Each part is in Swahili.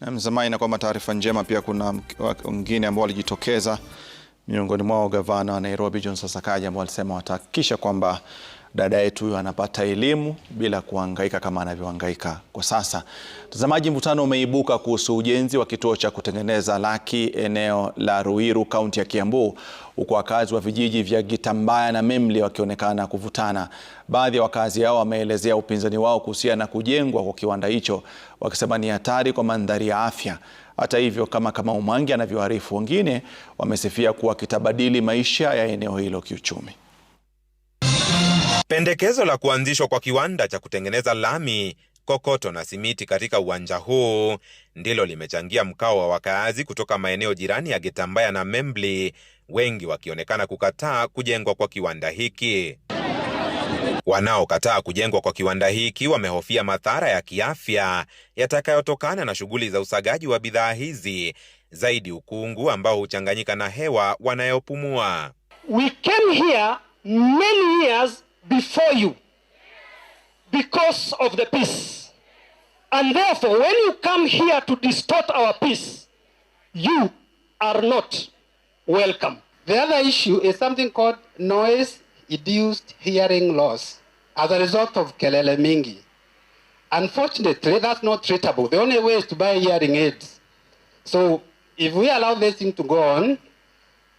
Mzamai na kwamba taarifa njema pia kuna wengine ambao walijitokeza, miongoni mwao gavana wa Nairobi Johnson Sakaja ambao alisema watahakikisha kwamba dada yetu huyo anapata elimu bila kuhangaika kama anavyohangaika kwa sasa. Mtazamaji, mvutano umeibuka kuhusu ujenzi wa kituo cha kutengeneza laki eneo la Ruiru, kaunti ya Kiambu, huku wakazi wa vijiji vya Gitambaya na Memli wakionekana kuvutana. Baadhi ya wakazi hao wameelezea upinzani wao kuhusiana na kujengwa kwa kiwanda hicho, wakisema ni hatari kwa mandhari ya afya. Hata hivyo, kama kama Umangi anavyoarifu, wengine wamesifia kuwa kitabadili maisha ya eneo hilo kiuchumi. Pendekezo la kuanzishwa kwa kiwanda cha kutengeneza lami, kokoto na simiti katika uwanja huu ndilo limechangia mkao wa wakaazi kutoka maeneo jirani ya getambaya na Membli, wengi wakionekana kukataa kujengwa kwa kiwanda hiki. Wanaokataa kujengwa kwa kiwanda hiki wamehofia madhara ya kiafya yatakayotokana na shughuli za usagaji wa bidhaa hizi, zaidi ukungu ambao huchanganyika na hewa wanayopumua. We came here many years before you because of the peace. And therefore, when you come here to distort our peace, you are not welcome. The other issue is something called noise induced hearing loss as a result of kelele mingi. Unfortunately, that's not treatable. The only way is to buy hearing aids. So if we allow this thing to go on,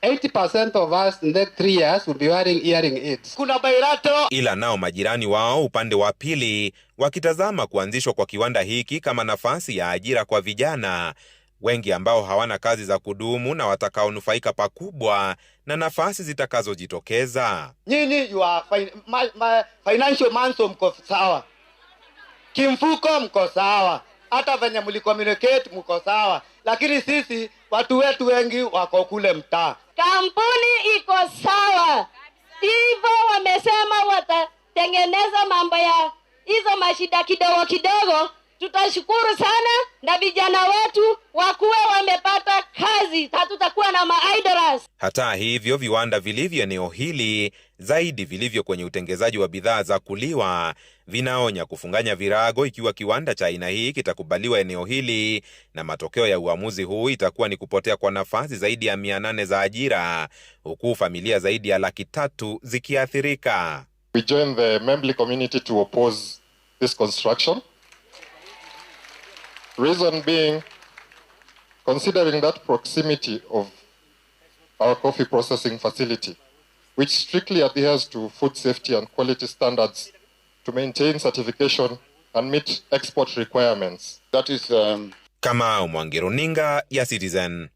80% of us in the three years will be wearing hearing aids. Kuna bairato. Ila nao majirani wao upande wa pili wakitazama kuanzishwa kwa kiwanda hiki kama nafasi ya ajira kwa vijana wengi ambao hawana kazi za kudumu na watakaonufaika pakubwa na nafasi zitakazojitokeza. Nyinyi you are fin ma ma financial manso, mko sawa kimfuko, mko sawa hata venye mlikomunicate mko sawa, lakini sisi watu wetu wengi wako kule mtaa kampuni iko sawa, hivyo wamesema watatengeneza mambo ya hizo mashida kidogo kidogo tutashukuru sana, na vijana wetu wakuwe wamepata kazi, hatutakuwa na maidoras. Hata hivyo, viwanda vilivyo eneo hili zaidi vilivyo kwenye utengezaji wa bidhaa za kuliwa vinaonya kufunganya virago ikiwa kiwanda cha aina hii kitakubaliwa eneo hili, na matokeo ya uamuzi huu itakuwa ni kupotea kwa nafasi zaidi ya mia nane za ajira, huku familia zaidi ya laki tatu zikiathirika. We join the Membli community to oppose this construction. Reason being, considering that proximity of our coffee processing facility, which strictly adheres to food safety and quality standards to maintain certification and meet export requirements. That is um... Kamau Mwangi, ya Citizen.